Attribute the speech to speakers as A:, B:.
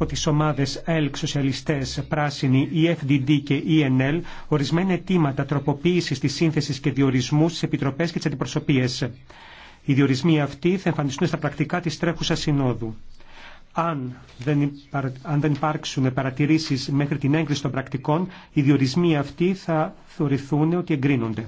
A: από τις ομάδες ΕΛΚ, Σοσιαλιστές, Πράσινοι, EFDD και ENL ορισμένα αιτήματα τροποποίησης της σύνθεσης και διορισμού στις επιτροπές και τις αντιπροσωπείες. Οι διορισμοί αυτοί θα εμφανιστούν στα πρακτικά της τρέχουσα συνόδου. Αν δεν, αν δεν υπάρξουν παρατηρήσεις μέχρι την έγκριση των πρακτικών, οι διορισμοί αυτοί θα θεωρηθούν ότι εγκρίνονται.